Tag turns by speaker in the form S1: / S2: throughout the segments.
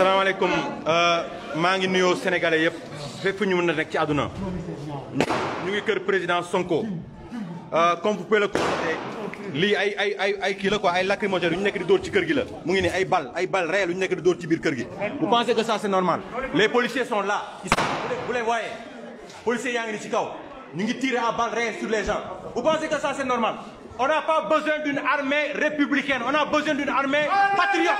S1: asalaamaaleykum euh, maa ngi nuyoo sénégalais yëpp fépp ñu mën na nekk ci àdduna ñu ngi kër président Sonko euh, comme vous pouvez le constater lii ay ay ay ay kii la quoi ay lacrymogène yu ñu nekk di dóor ci kër gi la mu ngi nii ay bal ay bal réel yu ñu nekk di dóor ci biir kër gi vous pensez que ça c'est normal les policiers sont là vous les voyez policiers yaa ngi ni ci kaw ñu ngi tiir à balles réelles sur les gens vous pensez que ça c'est normal on n'a pas besoin d'une armée républicaine on a besoin d'une armée patriote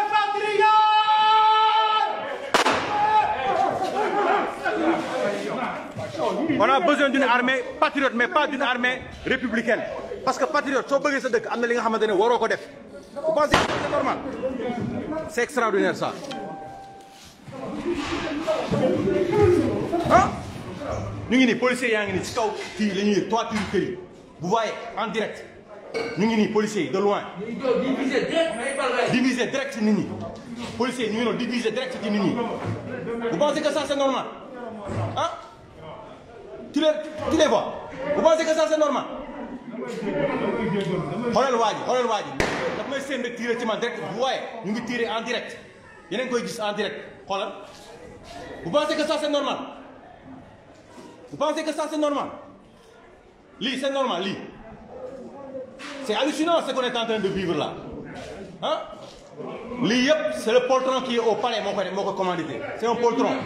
S1: on a besoin d'une armée patriote mais pas d'une armée républicaine parce que patriote soo bëggee sa dëkk am na li nga xamante ne waroo ko def vous pensez que c'est normal c'est extraordinaire ça ah ñu ngi nii policiers yaa ngi nii ci kaw kii la ñuy toiture kër yi vous voyez en direct ñu ngi nii policiers yi de loin diviser direct ci nit ñi policiers yi ñu ngi noonu diviser direct ci nit ñi vous pensez que ça c'est normal tu les tu les vois vous pensez que ça c'est normal. xoolal waa ji xoolal may séen rek tiire ci direct bu waaye ñu ngi tiire en direct yeneen koy gis en direct xoolal vous pensez que ça c'est normal vous pensez que ça c'est normal lii c'est normal lii c'est hallucinant ce qu'on est de vivre là ah lii yëpp c'est le poltron qui est au palais moo ko commandité c'est un poltron